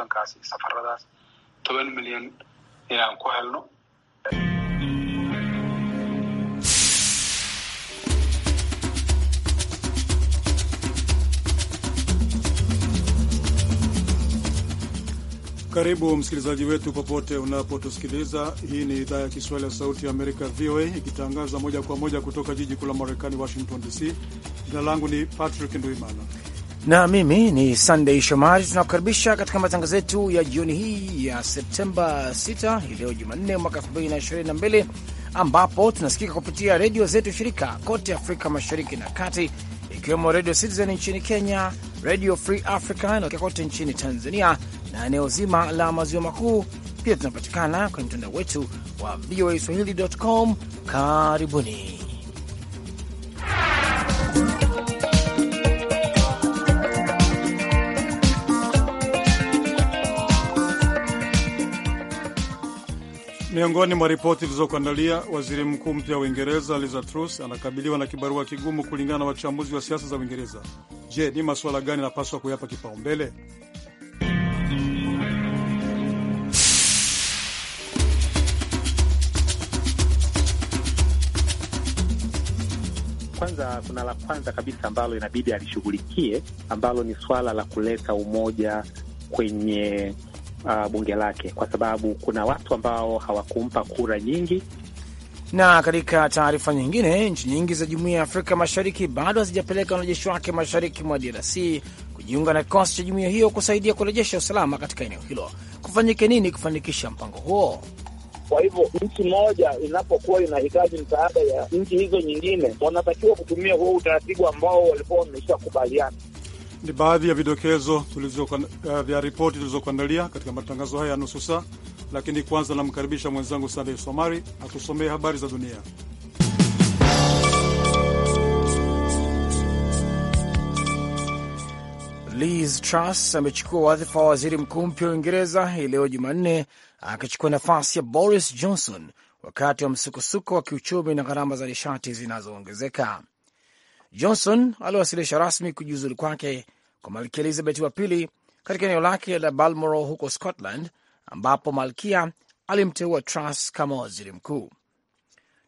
kontonkaas safaradaas toban milyan inaan ku helno. Karibu msikilizaji wetu popote unapotusikiliza. Hii ni idhaa ya Kiswahili ya Sauti ya Amerika, VOA, ikitangaza moja kwa moja kutoka jiji kuu la Marekani, Washington DC. Jina langu ni Patrick Nduimana na mimi ni Sunday Shomari. Tunakukaribisha katika matangazo yetu ya jioni hii ya Septemba 6 hii leo Jumanne mwaka 2022 ambapo tunasikika kupitia redio zetu shirika kote Afrika Mashariki na Kati, ikiwemo redio Citizen nchini Kenya, redio Free Africa inaokia kote nchini Tanzania na eneo zima la maziwa makuu. Pia tunapatikana kwenye mtandao wetu wa VOA swahili.com. Karibuni Miongoni mwa ripoti zilizokuandalia, waziri mkuu mpya wa Uingereza Liz Truss anakabiliwa na kibarua kigumu kulingana na wachambuzi wa siasa za Uingereza. Je, ni masuala gani anapaswa kuyapa kipaumbele? Kwanza kuna la kwanza kabisa ambalo inabidi alishughulikie ambalo ni swala la kuleta umoja kwenye uh, bunge lake kwa sababu kuna watu ambao hawakumpa kura nyingi. Na katika taarifa nyingine, nchi nyingi za jumuiya ya Afrika Mashariki bado hazijapeleka wanajeshi wake mashariki mwa DRC kujiunga na kikosi cha jumuiya hiyo kusaidia kurejesha usalama katika eneo hilo. Kufanyike nini kufanikisha mpango huo? Kwa hivyo nchi moja inapokuwa inahitaji msaada ya nchi hizo nyingine, wanatakiwa kutumia huo utaratibu ambao walikuwa kubaliana. Ni baadhi ya vidokezo uh, vya ripoti tulizokuandalia katika matangazo haya ya nusu saa, lakini kwanza namkaribisha mwenzangu Sandey Somari atusomee habari za dunia. Liz Truss amechukua wadhifa wa waziri mkuu mpya wa Uingereza hii leo Jumanne, akichukua nafasi ya Boris Johnson wakati wa msukosuko wa kiuchumi na gharama za nishati zinazoongezeka. Johnson aliwasilisha rasmi kujiuzulu kwake kwa Malkia Elizabeth wa pili katika eneo lake la Balmoral huko Scotland, ambapo malkia alimteua Truss kama waziri mkuu.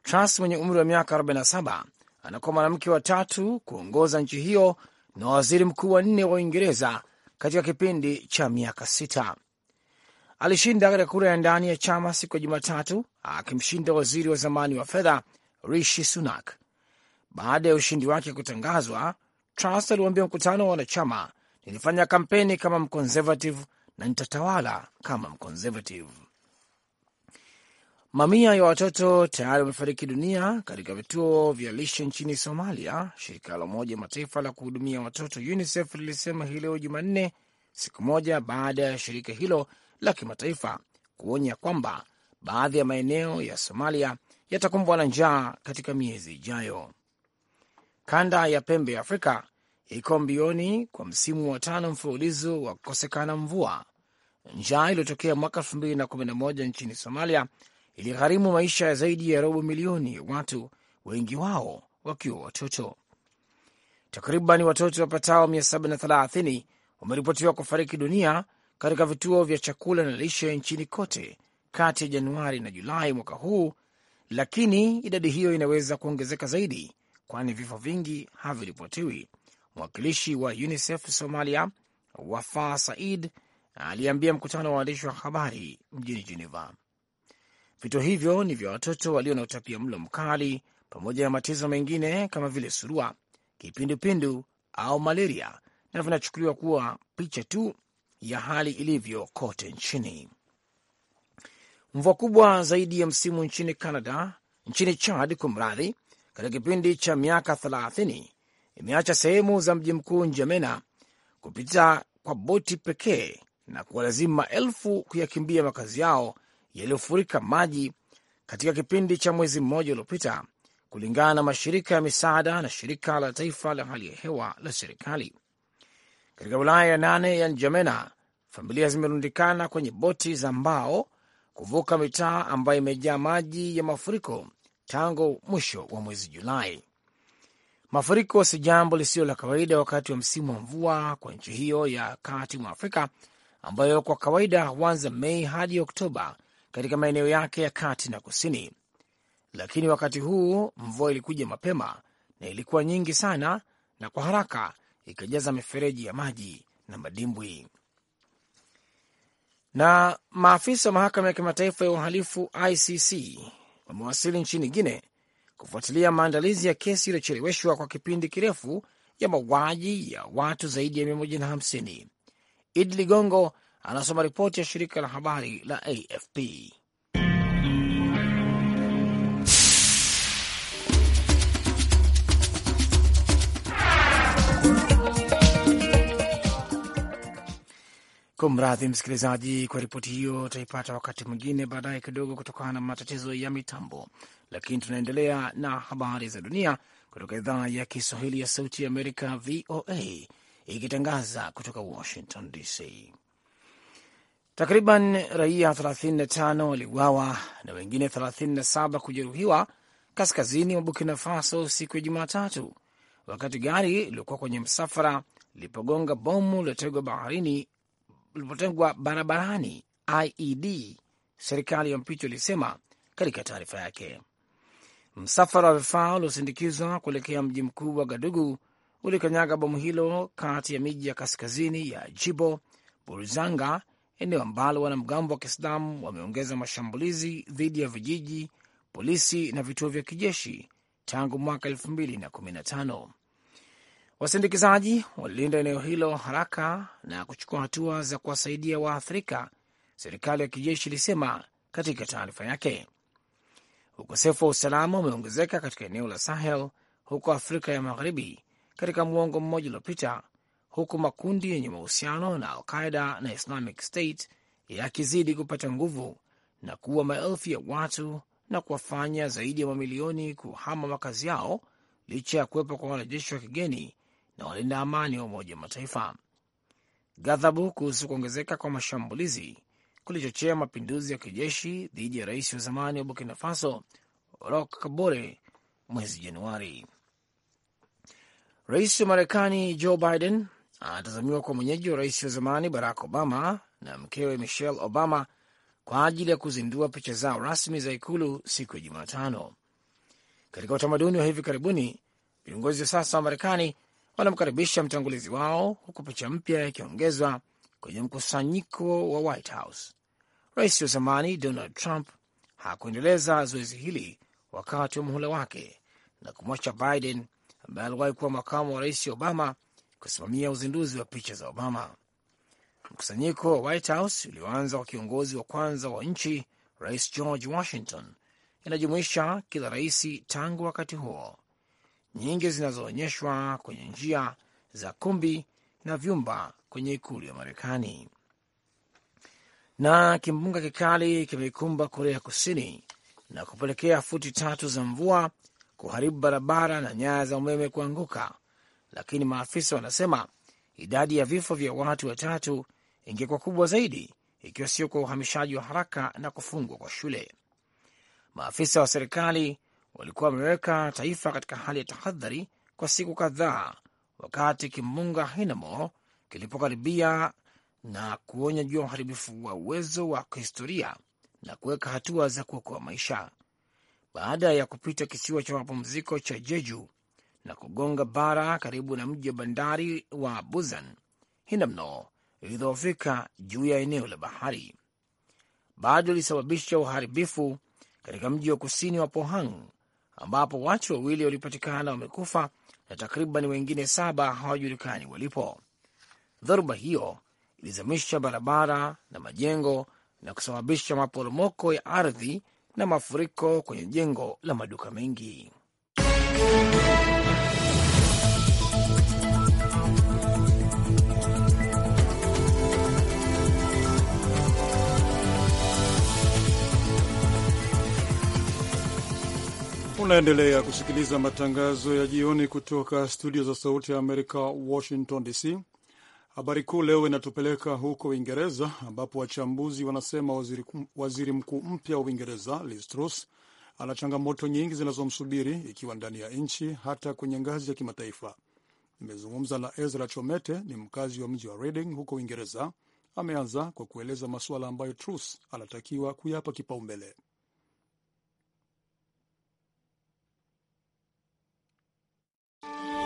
Truss mwenye umri wa miaka 47 anakuwa mwanamke wa tatu kuongoza nchi hiyo na waziri mkuu wa nne wa Uingereza katika kipindi cha miaka sita. Alishinda katika kura ya ndani ya chama siku ya Jumatatu akimshinda waziri wa zamani wa fedha Rishi Sunak baada ya ushindi wake kutangazwa, Truss aliwaambia mkutano wa wanachama, nilifanya kampeni kama mconservative na nitatawala kama mconservative. Mamia ya watoto tayari wamefariki dunia katika vituo vya lishe nchini Somalia, shirika la Umoja Mataifa la kuhudumia watoto UNICEF lilisema hii leo Jumanne, siku moja baada ya shirika hilo la kimataifa kuonya kwamba baadhi ya maeneo ya Somalia yatakumbwa na njaa katika miezi ijayo. Kanda ya pembe ya Afrika iko mbioni kwa msimu wa tano mfululizo wa kukosekana mvua. Njaa iliyotokea mwaka moja nchini Somalia iligharimu maisha ya zaidi ya robo milioni ya watu, wengi wao wakiwa watoto. Takriban watoto wapatao 730 wameripotiwa kufariki dunia katika vituo vya chakula na lishe nchini kote kati ya Januari na Julai mwaka huu, lakini idadi hiyo inaweza kuongezeka zaidi kwani vifo vingi haviripotiwi. Mwakilishi wa UNICEF Somalia, Wafa Said, aliambia mkutano wa waandishi wa habari mjini Geneva vituo hivyo ni vya watoto walio na utapia mlo mkali pamoja na matatizo mengine kama vile surua, kipindupindu au malaria, na vinachukuliwa kuwa picha tu ya hali ilivyo kote nchini. Mvua kubwa zaidi ya msimu nchini Canada, nchini Chad, mradhi katika kipindi cha miaka 30 imeacha sehemu za mji mkuu Njamena kupita kwa boti pekee na kuwalazimu maelfu kuyakimbia makazi yao yaliyofurika maji katika kipindi cha mwezi mmoja uliopita, kulingana na mashirika ya misaada na shirika la taifa la hali ya hewa la serikali. Katika wilaya ya nane ya Njamena, familia zimerundikana kwenye boti za mbao kuvuka mitaa ambayo imejaa maji ya mafuriko tangu mwisho wa mwezi Julai. Mafuriko si jambo lisilo la kawaida wakati wa msimu wa mvua kwa nchi hiyo ya kati mwa Afrika ambayo kwa kawaida huanza Mei hadi Oktoba katika maeneo yake ya kati na kusini, lakini wakati huu mvua ilikuja mapema na ilikuwa nyingi sana na kwa haraka ikajaza mifereji ya maji na madimbwi. Na maafisa wa mahakama ya kimataifa ya uhalifu ICC wamewasili nchini Guine kufuatilia maandalizi ya kesi iliyocheleweshwa kwa kipindi kirefu ya mauaji ya watu zaidi ya 150. id Ligongo anasoma ripoti ya shirika la habari la AFP. Kumradhi msikilizaji kwa ripoti hiyo, utaipata wakati mwingine baadaye kidogo kutokana na matatizo ya mitambo. Lakini tunaendelea na habari za dunia kutoka idhaa ya Kiswahili ya Sauti ya Amerika, VOA, ikitangaza kutoka Washington DC. Takriban raia 35 waliuawa na wengine 37 kujeruhiwa kaskazini mwa Burkina Faso siku ya Jumatatu, wakati gari liliokuwa kwenye msafara lilipogonga bomu lilotegwa baharini ulipotengwa barabarani IED, serikali ya mpito ilisema katika taarifa yake. Msafara wa vifaa uliosindikizwa kuelekea mji mkuu wa Gadugu ulikanyaga bomu hilo kati ya miji ya kaskazini ya Jibo Burzanga, eneo ambalo wanamgambo wa Kiislamu wameongeza mashambulizi dhidi ya vijiji, polisi na vituo vya kijeshi tangu mwaka 215 Wasindikizaji walilinda eneo hilo haraka na kuchukua hatua za kuwasaidia waathirika, serikali ya kijeshi ilisema katika taarifa yake. Ukosefu wa usalama umeongezeka katika eneo la Sahel huko Afrika ya Magharibi katika muongo mmoja uliopita, huku makundi yenye mahusiano na Alqaida na Islamic State yakizidi kupata nguvu na kuwa maelfu ya watu na kuwafanya zaidi ya mamilioni kuhama makazi yao licha ya kuwepo kwa wanajeshi wa kigeni na walinda amani wa Umoja wa Mataifa. Ghadhabu kuhusu kuongezeka kwa mashambulizi kulichochea mapinduzi ya kijeshi dhidi ya rais wa zamani wa Burkina Faso Roch Kabore mwezi Januari. Rais wa Marekani Joe Biden anatazamiwa kwa mwenyeji wa rais wa zamani Barack Obama na mkewe Michelle Obama kwa ajili ya kuzindua picha zao rasmi za ikulu siku ya Jumatano. Katika utamaduni wa hivi karibuni, viongozi wa sasa wa Marekani wanamkaribisha mtangulizi wao, huku picha mpya ikiongezwa kwenye mkusanyiko wa White House. Rais wa zamani Donald Trump hakuendeleza zoezi hili wakati wa muhula wake na kumwacha Biden ambaye aliwahi kuwa makamu wa rais Obama kusimamia uzinduzi wa picha za Obama. Mkusanyiko wa White House ulioanza kwa kiongozi wa kwanza wa nchi Rais George Washington inajumuisha kila rais tangu wakati huo nyingi zinazoonyeshwa kwenye njia za kumbi na vyumba kwenye ikulu ya Marekani. Na kimbunga kikali kimeikumba Korea Kusini na kupelekea futi tatu za mvua kuharibu barabara na nyaya za umeme kuanguka, lakini maafisa wanasema idadi ya vifo vya watu watatu ingekuwa kubwa zaidi ikiwa sio kwa uhamishaji wa haraka na kufungwa kwa shule. Maafisa wa serikali walikuwa wameweka taifa katika hali ya tahadhari kwa siku kadhaa, wakati kimbunga Hinamo kilipokaribia na kuonya juu ya uharibifu wa uwezo wa kihistoria na kuweka hatua za kuokoa maisha. Baada ya kupita kisiwa cha mapumziko cha Jeju na kugonga bara karibu na mji wa bandari wa Busan, Hinamno ilidhoofika juu ya eneo la bahari, bado ilisababisha uharibifu katika mji wa kusini wa Pohang ambapo watu wawili walipatikana wamekufa na takriban wengine saba hawajulikani walipo. Dhoruba hiyo ilizamisha barabara na majengo na kusababisha maporomoko ya ardhi na mafuriko kwenye jengo la maduka mengi. Unaendelea kusikiliza matangazo ya jioni kutoka studio za Sauti ya Amerika, Washington DC. Habari kuu leo inatupeleka huko Uingereza, ambapo wachambuzi wanasema waziri, waziri mkuu mpya wa Uingereza Liz Truss ana changamoto nyingi zinazomsubiri ikiwa ndani ya nchi, hata kwenye ngazi ya kimataifa. Nimezungumza na Ezra Chomete, ni mkazi wa mji wa Reading huko Uingereza. Ameanza kwa kueleza masuala ambayo Truss anatakiwa kuyapa kipaumbele. Bye.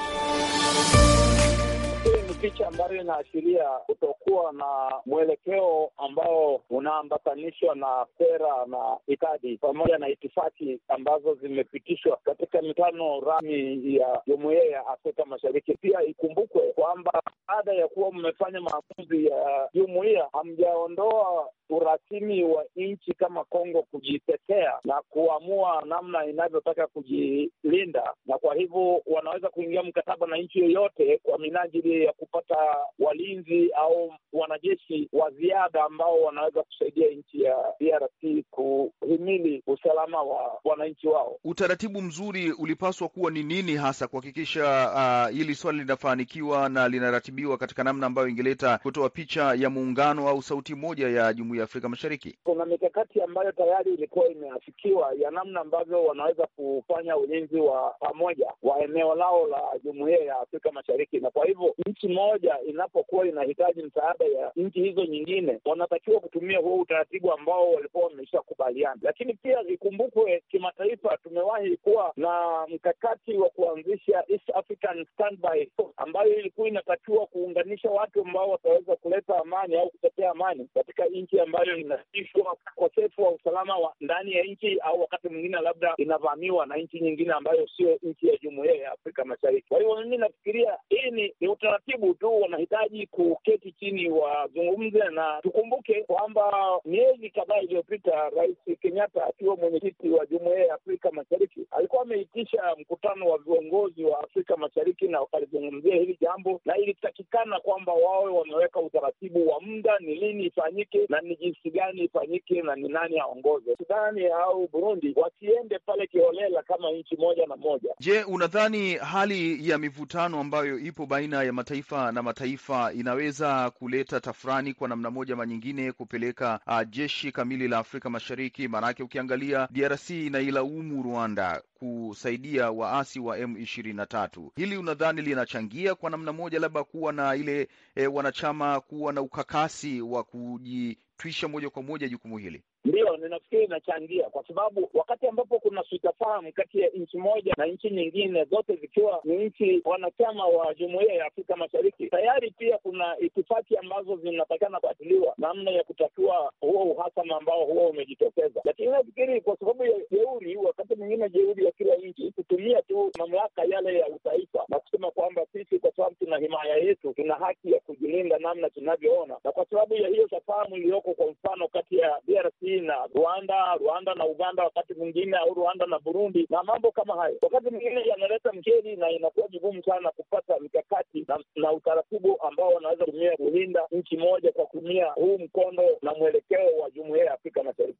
picha ambayo inaashiria kutokuwa na mwelekeo ambao unaambatanishwa na sera na itadi pamoja na itifaki ambazo zimepitishwa katika mitano rasmi ya jumuiya ya Afrika Mashariki. Pia ikumbukwe kwamba baada ya kuwa mmefanya maamuzi ya jumuiya, hamjaondoa urasimi wa nchi kama Kongo kujitetea na kuamua namna inavyotaka kujilinda, na kwa hivyo wanaweza kuingia mkataba na nchi yoyote kwa minajili ya kupa kupata walinzi au wanajeshi wa ziada ambao wanaweza kusaidia nchi ya DRC kuhimili usalama wa wananchi wao. Utaratibu mzuri ulipaswa kuwa ni nini hasa kuhakikisha uh, hili swali linafanikiwa na linaratibiwa katika namna ambayo ingeleta kutoa picha ya muungano au sauti moja ya Jumuiya ya Afrika Mashariki? Kuna mikakati ambayo tayari ilikuwa imeafikiwa ya namna ambavyo wanaweza kufanya ulinzi wa pamoja wa eneo lao la Jumuiya ya Afrika Mashariki, na kwa hivyo nchi moja moja inapokuwa inahitaji msaada ya nchi hizo nyingine, wanatakiwa kutumia huo utaratibu ambao walikuwa wameisha kubaliana Lakini pia ikumbukwe, kimataifa tumewahi kuwa na mkakati wa kuanzisha East African Standby ambayo ilikuwa inatakiwa kuunganisha watu ambao wataweza kuleta amani au kutetea amani katika nchi ambayo inasishwa ukosefu wa usalama wa ndani ya nchi, au wakati mwingine labda inavamiwa na nchi nyingine ambayo sio nchi ya jumuiya ya Afrika Mashariki. Kwa hiyo mimi nafikiria hii ni utaratibu siku tu wanahitaji kuketi chini wazungumze, na tukumbuke kwamba miezi kadhaa iliyopita Rais Kenyatta akiwa mwenyekiti wa Jumuiya ya Afrika Mashariki alikuwa ameitisha mkutano wa viongozi wa Afrika Mashariki na wakalizungumzia hili jambo, na ilitakikana kwamba wawe wameweka utaratibu wa muda, ni lini ifanyike na ni jinsi gani ifanyike na ni nani aongoze. Sudani au Burundi wasiende pale kiholela kama nchi moja na moja. Je, unadhani hali ya mivutano ambayo ipo baina ya mataifa taifa na mataifa inaweza kuleta tafurani kwa namna moja ama nyingine, kupeleka uh, jeshi kamili la Afrika Mashariki. Maanake ukiangalia DRC inailaumu Rwanda kusaidia waasi wa M23. Hili unadhani linachangia kwa namna moja labda kuwa na ile e, wanachama kuwa na ukakasi wa kujitwisha moja kwa moja jukumu hili? Ndiyo, ninafikiri inachangia kwa sababu wakati ambapo kuna sitafahamu kati ya nchi moja na nchi nyingine, zote zikiwa ni nchi wanachama wa jumuiya ya Afrika Mashariki, tayari pia kuna itifaki ambazo zinatakana kuatiliwa namna ya kutatua huo uhasama ambao huo umejitokeza. Lakini nafikiri kwa sababu ya jeuri, wakati mwingine jeuri ya kila nchi kutumia tu mamlaka yale ya utaifa na kusema kwamba sisi, kwa sababu tuna himaya yetu, tuna haki ya kujilinda namna tunavyoona, na kwa sababu ya hiyo tafahamu iliyoko, kwa mfano kati ya DRC na Rwanda, Rwanda na Uganda wakati mwingine, au Rwanda na Burundi na mambo kama hayo, wakati mwingine yanaleta mkeli na inakuwa vigumu sana kupata mikakati na, na utaratibu ambao wanaweza kutumia kulinda nchi moja kwa kutumia huu mkondo na mwelekeo wa jumuiya ya Afrika Mashariki.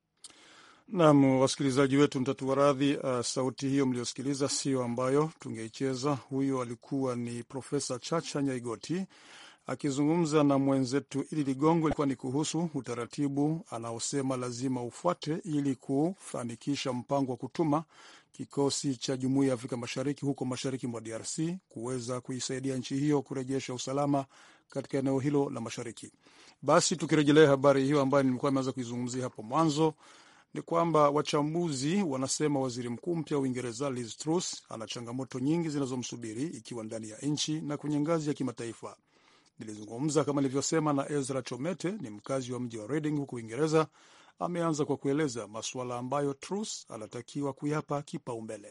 nam wasikilizaji wetu, mtatua radhi Uh, sauti hiyo mliosikiliza sio ambayo tungeicheza. Huyo alikuwa ni Profesa Chacha Nyaigoti Akizungumza na mwenzetu Ili Ligongo, ilikuwa ni kuhusu utaratibu anaosema lazima ufuate ili kufanikisha mpango wa kutuma kikosi cha jumuiya ya Afrika Mashariki huko mashariki mwa DRC kuweza kuisaidia nchi hiyo kurejesha usalama katika eneo hilo la mashariki. Basi tukirejelea habari hiyo ambayo nilikuwa nimeanza kuizungumzia hapo mwanzo, ni kwamba wachambuzi wanasema waziri mkuu mpya wa Uingereza Liz Truss ana changamoto nyingi zinazomsubiri ikiwa ndani ya nchi na kwenye ngazi ya kimataifa. Nilizungumza kama nilivyosema na Ezra Chomete, ni mkazi wa mji wa Reading huku Uingereza. Ameanza kwa kueleza masuala ambayo Trus anatakiwa kuyapa kipaumbele.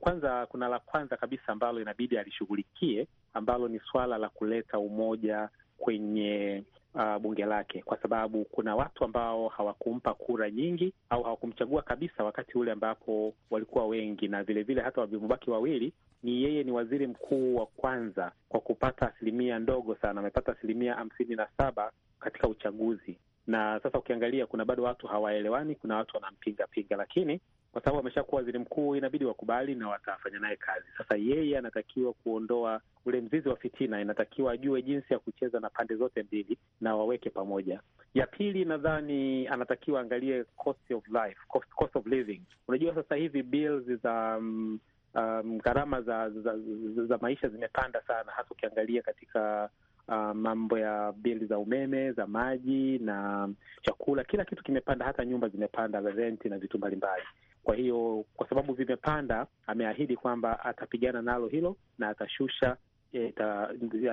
Kwanza, kuna la kwanza kabisa ambalo inabidi alishughulikie ambalo ni suala la kuleta umoja kwenye uh, bunge lake, kwa sababu kuna watu ambao hawakumpa kura nyingi au hawakumchagua kabisa wakati ule ambapo walikuwa wengi, na vilevile vile hata walivyobaki wawili ni yeye ni waziri mkuu wa kwanza kwa kupata asilimia ndogo sana, amepata asilimia hamsini na saba katika uchaguzi. Na sasa ukiangalia, kuna bado watu hawaelewani, kuna watu wanampingapinga, lakini kwa sababu ameshakuwa waziri mkuu inabidi wakubali na watafanya naye kazi. Sasa yeye anatakiwa kuondoa ule mzizi wa fitina, inatakiwa ajue jinsi ya kucheza na pande zote mbili na waweke pamoja. Ya pili, nadhani anatakiwa angalie cost of life, cost, cost of living. Unajua sasa hivi bills za um, um, gharama za, za, za, za maisha zimepanda sana, hasa ukiangalia katika uh, mambo ya bili za umeme, za maji na chakula, kila kitu kimepanda, hata nyumba zimepanda, renti na vitu mbalimbali. Kwa hiyo kwa sababu vimepanda, ameahidi kwamba atapigana nalo hilo na atashusha, eh,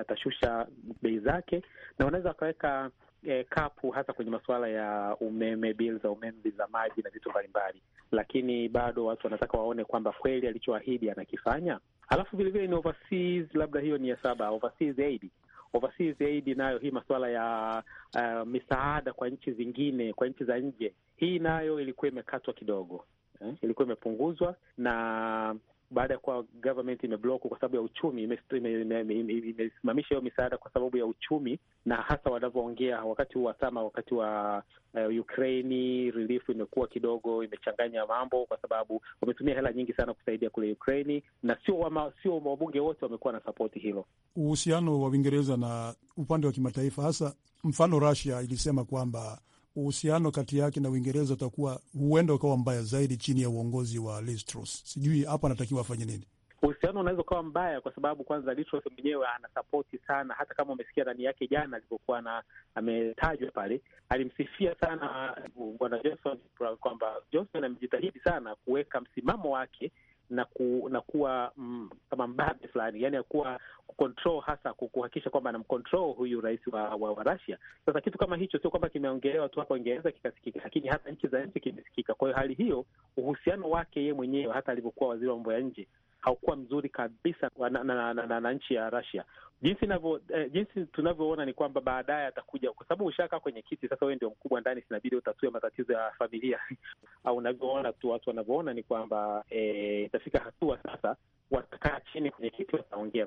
atashusha bei zake na wanaweza wakaweka eh, kapu hasa kwenye masuala ya umeme, bili za umeme, bili za maji na vitu mbalimbali, lakini bado watu wanataka waone kwamba kweli alichoahidi anakifanya. Alafu vilevile ni overseas, labda hiyo ni ya saba, overseas aid overseas aid nayo hii masuala ya uh, misaada kwa nchi zingine, kwa nchi za nje, hii nayo ilikuwa imekatwa kidogo eh, ilikuwa imepunguzwa na baada ya kuwa government imebloku kwa sababu ya uchumi, imesimamisha hiyo misaada kwa sababu ya uchumi, na hasa wanavyoongea wakati huu wasama wakati wa uh, eh, Ukraini relief imekuwa kidogo imechanganya mambo, kwa sababu wametumia hela nyingi sana kusaidia kule Ukraini, na sio wama, sio wabunge wote wamekuwa na sapoti hilo. Uhusiano wa Uingereza na upande wa kimataifa, hasa mfano Russia ilisema kwamba uhusiano kati yake na Uingereza utakuwa huenda ukawa mbaya zaidi chini ya uongozi wa Liz Truss. Sijui hapa anatakiwa afanye nini? Uhusiano unaweza ukawa mbaya kwa sababu kwanza Liz Truss mwenyewe anasapoti sana, hata kama umesikia ndani yake jana alipokuwa na ametajwa pale, alimsifia sana uh, bwana Johnson kwamba Johnson amejitahidi sana kuweka msimamo wake na, ku, na kuwa mm, kama mbabe fulani, yani akuwa kucontrol hasa kuhakikisha kwamba anamcontrol huyu rais wa, wa, wa Russia. Sasa kitu kama hicho sio kwamba kimeongelewa tu hapa Uingereza kikasikika, lakini hata nchi za nje kimesikika. Kwa hiyo hali hiyo, uhusiano wake yeye mwenyewe hata alivyokuwa waziri wa mambo ya nje haukuwa mzuri kabisa na, na, na, na, na, na nchi ya Russia. Jinsi navyo eh, jinsi tunavyoona ni kwamba baadaye atakuja, kwa sababu ushakaa kwenye kiti sasa, wewe ndio mkubwa ndani, sinabidi utatue matatizo ya familia au unavyoona tu watu wanavyoona ni kwamba eh, itafika hatua sasa watakaa chini kwenye kiti wataongea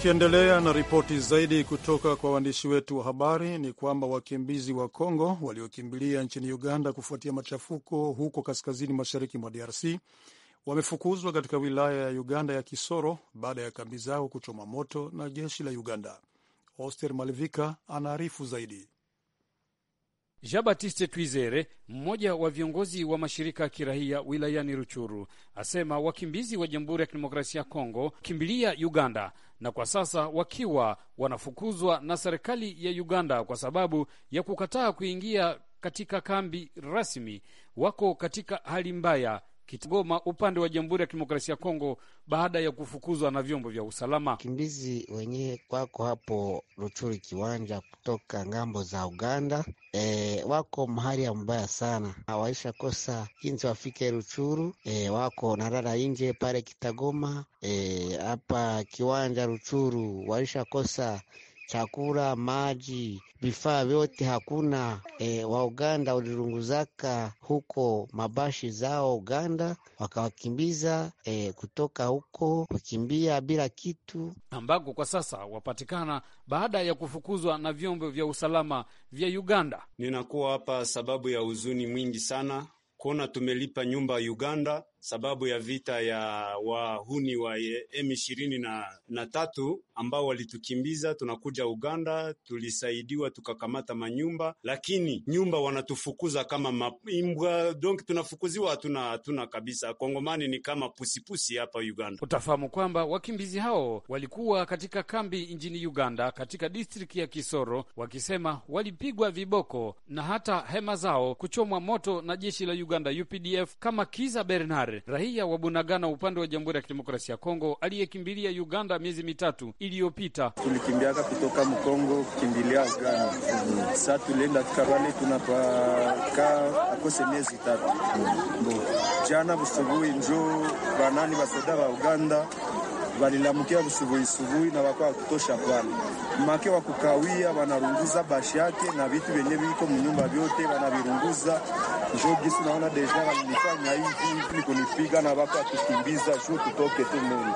Tukiendelea na ripoti zaidi kutoka kwa waandishi wetu wa habari ni kwamba wakimbizi wa Kongo waliokimbilia nchini Uganda kufuatia machafuko huko kaskazini mashariki mwa DRC wamefukuzwa katika wilaya ya Uganda ya Kisoro baada ya kambi zao kuchoma moto na jeshi la Uganda. Oster Malivika anaarifu zaidi. Jean Baptiste Twizere, mmoja wa viongozi wa mashirika ya kiraia wilayani Ruchuru, asema wakimbizi wa Jamhuri ya Kidemokrasia ya Kongo kimbilia Uganda na kwa sasa wakiwa wanafukuzwa na serikali ya Uganda kwa sababu ya kukataa kuingia katika kambi rasmi, wako katika hali mbaya Goma upande wa Jamhuri ya Kidemokrasia ya Kongo baada ya kufukuzwa na vyombo vya usalama. Wakimbizi wenyewe wako hapo Ruchuru kiwanja kutoka ngambo za Uganda. E, wako mahali ya mbaya sana, hawaisha kosa kinzi wafike Ruchuru. E, wako narara inje pale Kitagoma e, hapa e, kiwanja Ruchuru waisha kosa chakula, maji, vifaa vyote hakuna. E, uganda walirunguzaka huko mabashi zao Uganda, wakawakimbiza e, kutoka huko wakimbia bila kitu, ambako kwa sasa wapatikana baada ya kufukuzwa na vyombo vya usalama vya Uganda. Ninakuwa hapa sababu ya huzuni mwingi sana kuona tumelipa nyumba ya Uganda sababu ya vita ya wahuni wa M ishirini na, tatu ambao walitukimbiza. Tunakuja Uganda, tulisaidiwa tukakamata manyumba, lakini nyumba wanatufukuza kama maimbwa, donc tunafukuziwa, hatuna hatuna kabisa. Kongomani ni kama pusipusi hapa Uganda. Utafahamu kwamba wakimbizi hao walikuwa katika kambi nchini Uganda katika distriki ya Kisoro, wakisema walipigwa viboko na hata hema zao kuchomwa moto na jeshi la Uganda UPDF kama Kiza Bernard Kabare, raia wa Bunagana upande wa Jamhuri ya Kidemokrasia ya Kongo aliyekimbilia Uganda miezi mitatu iliyopita. Tulikimbiaka kutoka Mkongo kukimbilia Uganda. Mm. Sasa tulienda Kabale tunapakaa akose miezi tatu. Mm. Jana busubuhi njo banani basoda wa Uganda walilamukia subuhi na wakawa kutosha kwani make wa kukawia wanarunguza bashi yake na vitu vyenye viko mnyumba vyote wanavirunguza. Jogisi naona deja walinifanya hivi ni kunipiga na wako tukimbiza juu tutoke tu muni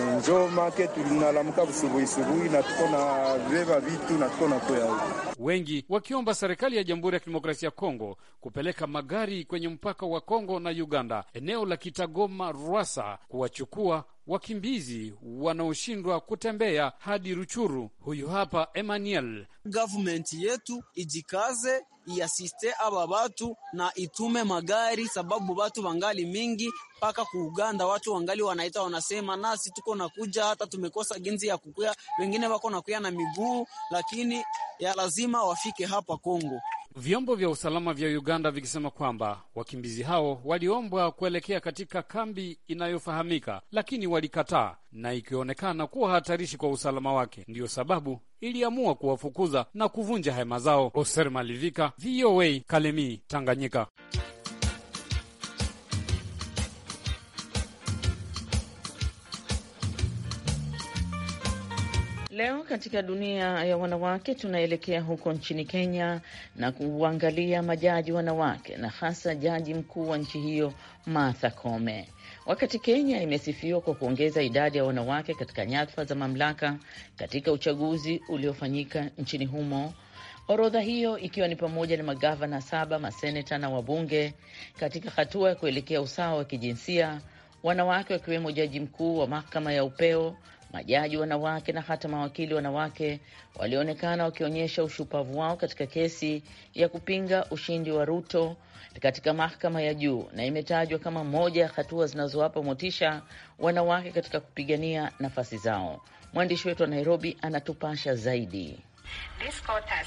e, njo make tunalamuka subuhi na tuko na veva vitu na tuko na kwea huko wengi wakiomba serikali ya Jamhuri ya Kidemokrasia ya Kongo kupeleka magari kwenye mpaka wa Kongo na Uganda, eneo la Kitagoma Rwasa, kuwachukua wakimbizi wanaoshindwa kutembea hadi Ruchuru. Huyu hapa Emmanuel. Gavumenti yetu ijikaze iasiste aba batu na itume magari, sababu batu wangali mingi mpaka ku Uganda. Watu wangali wanaita wanasema, nasi tuko nakuja, hata tumekosa genzi ya kukuya, wengine wako nakuya na miguu, lakini ya lazima wafike hapa Kongo. Vyombo vya usalama vya Uganda vikisema kwamba wakimbizi hao waliombwa kuelekea katika kambi inayofahamika, lakini walikataa na ikionekana kuwa hatarishi kwa usalama wake, ndiyo sababu iliamua kuwafukuza na kuvunja hema zao. Oser Malivika, VOA, Kalemi, Tanganyika. Leo katika dunia ya wanawake tunaelekea huko nchini Kenya na kuangalia majaji wanawake na hasa jaji mkuu wa nchi hiyo Martha Koome. Wakati Kenya imesifiwa kwa kuongeza idadi ya wanawake katika nyadhifa za mamlaka katika uchaguzi uliofanyika nchini humo, orodha hiyo ikiwa ni pamoja na magavana saba, maseneta na wabunge, katika hatua ya kuelekea usawa wa kijinsia, wanawake wakiwemo jaji mkuu wa mahakama ya upeo majaji wanawake na hata mawakili wanawake walionekana wakionyesha ushupavu wao katika kesi ya kupinga ushindi wa Ruto katika mahakama ya juu, na imetajwa kama moja ya hatua zinazowapa motisha wanawake katika kupigania nafasi zao. Mwandishi wetu wa Nairobi anatupasha zaidi. This court has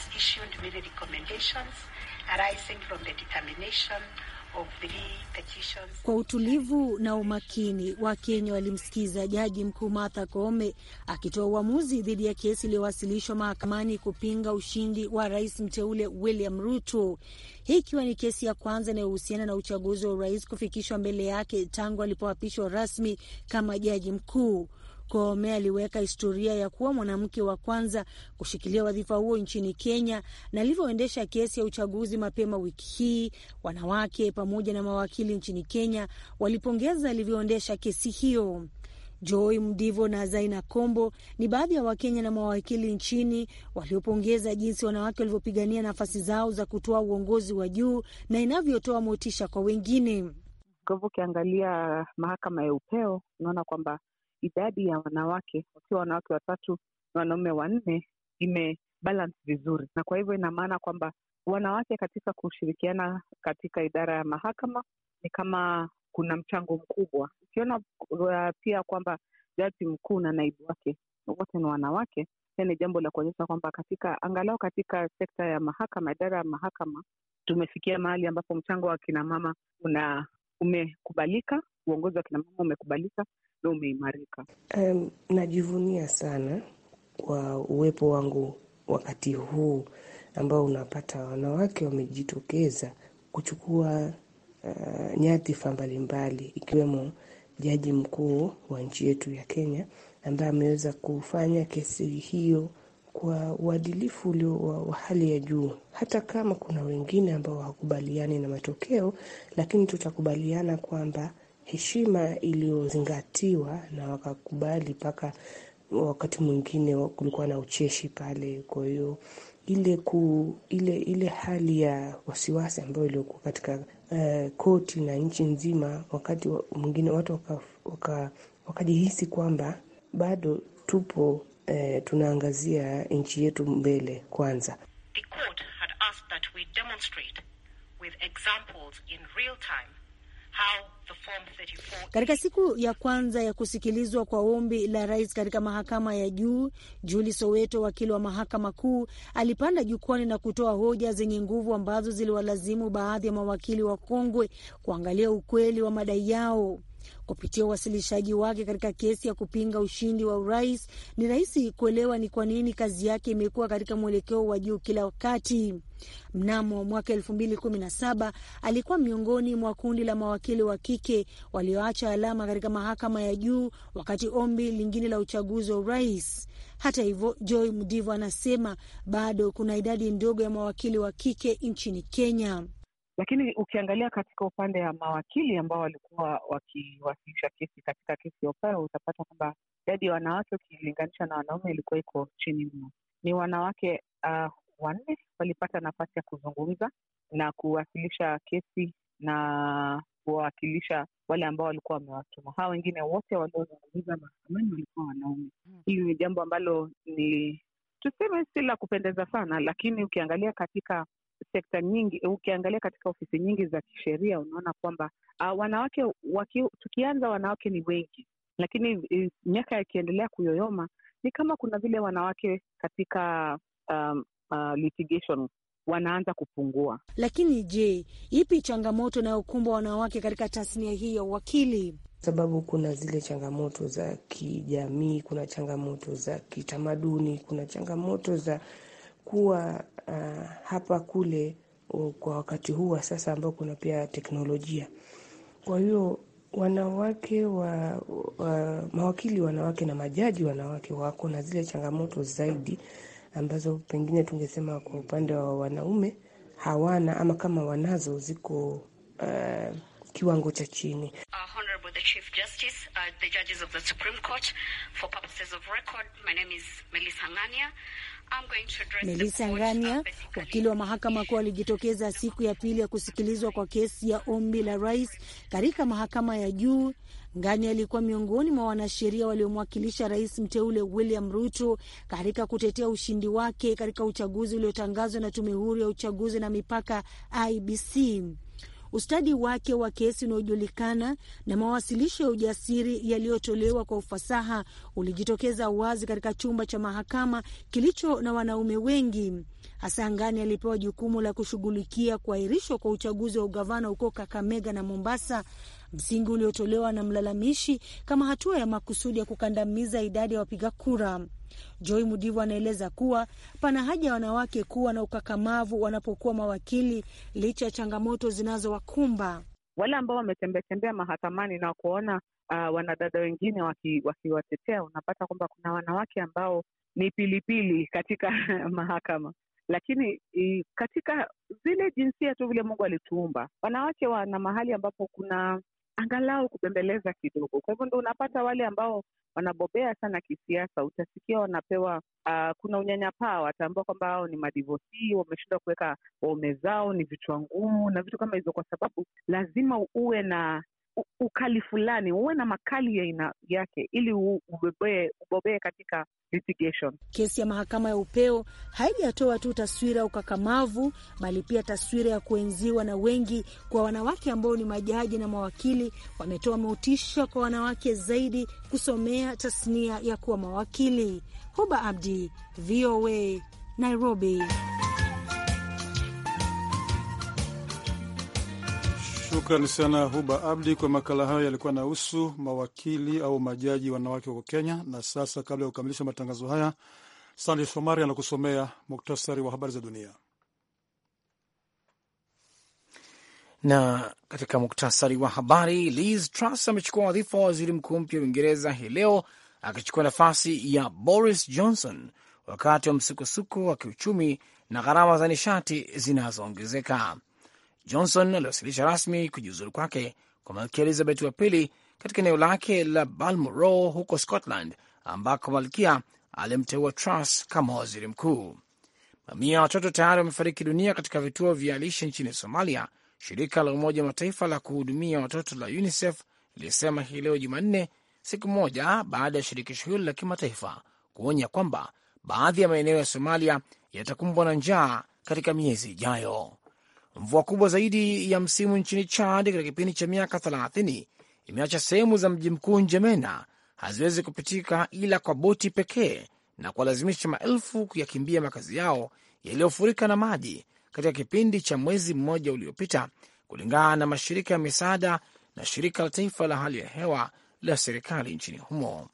kwa utulivu na umakini, Wakenya walimsikiza jaji mkuu Martha Koome akitoa uamuzi dhidi ya kesi iliyowasilishwa mahakamani kupinga ushindi wa rais mteule William Ruto, hii ikiwa ni kesi ya kwanza inayohusiana na uchaguzi wa urais kufikishwa mbele yake tangu alipoapishwa rasmi kama jaji mkuu. Koome aliweka historia ya kuwa mwanamke wa kwanza kushikilia wadhifa huo nchini Kenya na alivyoendesha kesi ya uchaguzi mapema wiki hii. Wanawake pamoja na mawakili nchini Kenya walipongeza alivyoendesha kesi hiyo. Joy Mdivo na Zaina Kombo ni baadhi ya Wakenya na mawakili nchini waliopongeza jinsi wanawake walivyopigania nafasi zao za kutoa uongozi wa juu na inavyotoa motisha kwa wengine. Kwa hivyo ukiangalia mahakama ya upeo unaona kwamba idadi ya wanawake wakiwa wanawake watatu na wanaume wanne imebalance vizuri, na kwa hivyo ina maana kwamba wanawake katika kushirikiana katika idara ya mahakama ni kama kuna mchango mkubwa. Ukiona uh, pia kwamba jaji mkuu na naibu wake wote ni wanawake, pia ni jambo la kuonyesha kwamba katika angalau katika sekta ya mahakama, idara ya mahakama, tumefikia mahali ambapo mchango wa kinamama una umekubalika, uongozi wa kinamama umekubalika, na umeimarika? Um, najivunia sana kwa uwepo wangu wakati huu ambao unapata wanawake wamejitokeza kuchukua uh, nyadhifa mbalimbali ikiwemo jaji mkuu wa nchi yetu ya Kenya ambaye ameweza kufanya kesi hiyo kwa uadilifu ulio wa hali ya juu. Hata kama kuna wengine ambao hawakubaliani na matokeo, lakini tutakubaliana kwamba heshima iliyozingatiwa na wakakubali. Mpaka wakati mwingine kulikuwa na ucheshi pale, kwa hiyo ile, ku, ile, ile hali ya wasiwasi ambayo iliokuwa katika uh, koti na nchi nzima, wakati mwingine watu wakajihisi waka, waka kwamba bado tupo uh, tunaangazia nchi yetu mbele kwanza. The court had asked that we demonstrate with examples in real time katika siku ya kwanza ya kusikilizwa kwa ombi la rais katika mahakama ya juu, juli Soweto, wakili wa mahakama kuu, alipanda jukwani na kutoa hoja zenye nguvu ambazo ziliwalazimu baadhi ya mawakili wa kongwe kuangalia ukweli wa madai yao. Kupitia uwasilishaji wake katika kesi ya kupinga ushindi wa urais, ni rahisi kuelewa ni kwa nini kazi yake imekuwa katika mwelekeo wa juu kila wakati. Mnamo mwaka elfu mbili kumi na saba alikuwa miongoni mwa kundi la mawakili wa kike walioacha alama katika mahakama ya juu wakati ombi lingine la uchaguzi wa urais. Hata hivyo, Joy Mdivo anasema bado kuna idadi ndogo ya mawakili wa kike nchini Kenya. Lakini ukiangalia katika upande ya mawakili ambao walikuwa wakiwasilisha kesi katika kesi ya upeo, utapata kwamba idadi ya wanawake ukilinganisha na wanaume ilikuwa iko chini mno. Ni wanawake uh, wanne walipata nafasi ya kuzungumza na kuwasilisha kesi na kuwawakilisha wale ambao walikuwa wamewatuma. Hawa wengine wote waliozungumza mahakamani walikuwa wanaume. Hmm. Hili ni jambo ambalo ni tuseme si la kupendeza sana, lakini ukiangalia katika sekta nyingi, ukiangalia katika ofisi nyingi za kisheria unaona kwamba uh, wanawake waki, tukianza wanawake ni wengi, lakini eh, miaka yakiendelea kuyoyoma ni kama kuna vile wanawake katika um, uh, litigation wanaanza kupungua. Lakini je, ipi changamoto inayokumbwa wanawake katika tasnia hii ya uwakili? Sababu kuna zile changamoto za kijamii, kuna changamoto za kitamaduni, kuna changamoto za kuwa uh, hapa kule uh, kwa wakati huu wa sasa ambao kuna pia teknolojia. Kwa hiyo wanawake wa, wa mawakili wanawake na majaji wanawake wako na zile changamoto zaidi ambazo pengine tungesema kwa upande wa wanaume hawana ama kama wanazo ziko uh, kiwango cha chini. Uh, the Chief Justice, uh, the judges of the Supreme Court. For purposes of record, my name is Melissa Ngania. Melissa Ngania, wakili wa mahakama kuu, alijitokeza siku ya pili ya kusikilizwa kwa kesi ya ombi la rais katika mahakama ya juu. Ngania alikuwa miongoni mwa wanasheria waliomwakilisha rais mteule William Ruto katika kutetea ushindi wake katika uchaguzi uliotangazwa na tume huru ya uchaguzi na mipaka IBC ustadi wake wa kesi unaojulikana na mawasilisho ya ujasiri yaliyotolewa kwa ufasaha ulijitokeza wazi katika chumba cha mahakama kilicho na wanaume wengi. Hasangani alipewa jukumu la kushughulikia kuahirishwa kwa uchaguzi wa ugavana huko Kakamega na Mombasa, msingi uliotolewa na mlalamishi kama hatua ya makusudi ya kukandamiza idadi ya wapiga kura. Joy Mudivu anaeleza kuwa pana haja ya wanawake kuwa na ukakamavu wanapokuwa mawakili licha ya changamoto zinazowakumba. Wale ambao wametembeatembea mahakamani na kuona uh, wanadada wengine wakiwatetea waki, unapata kwamba kuna wanawake ambao ni pilipili katika mahakama, lakini katika zile jinsia tu vile Mungu alituumba wanawake, wana mahali ambapo kuna angalau kubembeleza kidogo. Kwa hivyo ndo unapata wale ambao wanabobea sana kisiasa, utasikia wanapewa uh, kuna unyanyapaa, wataambua kwamba hao ni madivosi, wameshindwa kuweka waume zao, ni vichwa ngumu na vitu kama hizo, kwa sababu lazima uwe na ukali fulani, uwe na makali ya aina yake ili ubobee ubobee katika litigation. Kesi ya mahakama ya upeo haijatoa tu taswira ya ukakamavu, bali pia taswira ya kuenziwa na wengi kwa wanawake ambao ni majaji na mawakili. Wametoa motisha kwa wanawake zaidi kusomea tasnia ya kuwa mawakili. Huba Abdi, VOA, Nairobi. Shukrani sana Huba Abdi kwa makala hayo, yalikuwa nahusu mawakili au majaji wanawake huko Kenya. Na sasa kabla ya kukamilisha matangazo haya, Sandi Shomari anakusomea muktasari wa habari za dunia. Na katika muktasari wa habari, Liz Truss amechukua wadhifa wa waziri mkuu mpya wa Uingereza hii leo akichukua nafasi ya Boris Johnson wakati wa msukosuko wa kiuchumi na gharama za nishati zinazoongezeka. Johnson aliwasilisha rasmi kujiuzulu kwake kwa Malkia Elizabeth wa pili katika eneo lake la Balmoral huko Scotland, ambako malkia alimteua Truss kama waziri mkuu. Mamia ya watoto tayari wamefariki dunia katika vituo vya lishe nchini Somalia, shirika la Umoja wa Mataifa la kuhudumia watoto la UNICEF lilisema hii leo Jumanne, siku moja baada ya shirikisho hilo la kimataifa kuonya kwamba baadhi ya maeneo ya Somalia yatakumbwa na njaa katika miezi ijayo. Mvua kubwa zaidi ya msimu nchini Chad katika kipindi cha miaka 30 imeacha sehemu za mji mkuu Njemena haziwezi kupitika ila kwa boti pekee na kuwalazimisha maelfu kuyakimbia makazi yao yaliyofurika na maji katika kipindi cha mwezi mmoja uliopita, kulingana na mashirika ya misaada na shirika la taifa la hali ya hewa la serikali nchini humo.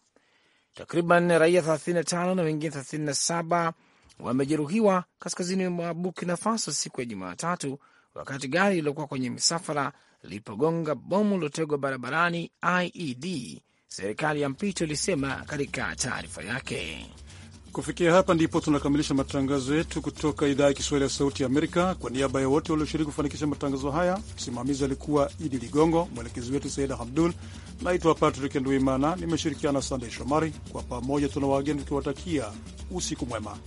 Takriban raia 35 na wengine 37 wamejeruhiwa kaskazini mwa Burkina Faso siku ya Jumatatu wakati gari lilokuwa kwenye misafara lilipogonga bomu lilotegwa barabarani IED, serikali ya mpito ilisema katika taarifa yake. Kufikia hapa ndipo tunakamilisha matangazo yetu kutoka idhaa ya Kiswahili ya Sauti ya Amerika. Kwa niaba ya wote walioshiriki kufanikisha matangazo haya, msimamizi alikuwa Idi Ligongo, mwelekezi wetu Saida Hamdul. Naitwa Patrick Nduimana, nimeshirikiana Sandey Shomari. Kwa pamoja tuna wageni tukiwatakia usiku mwema.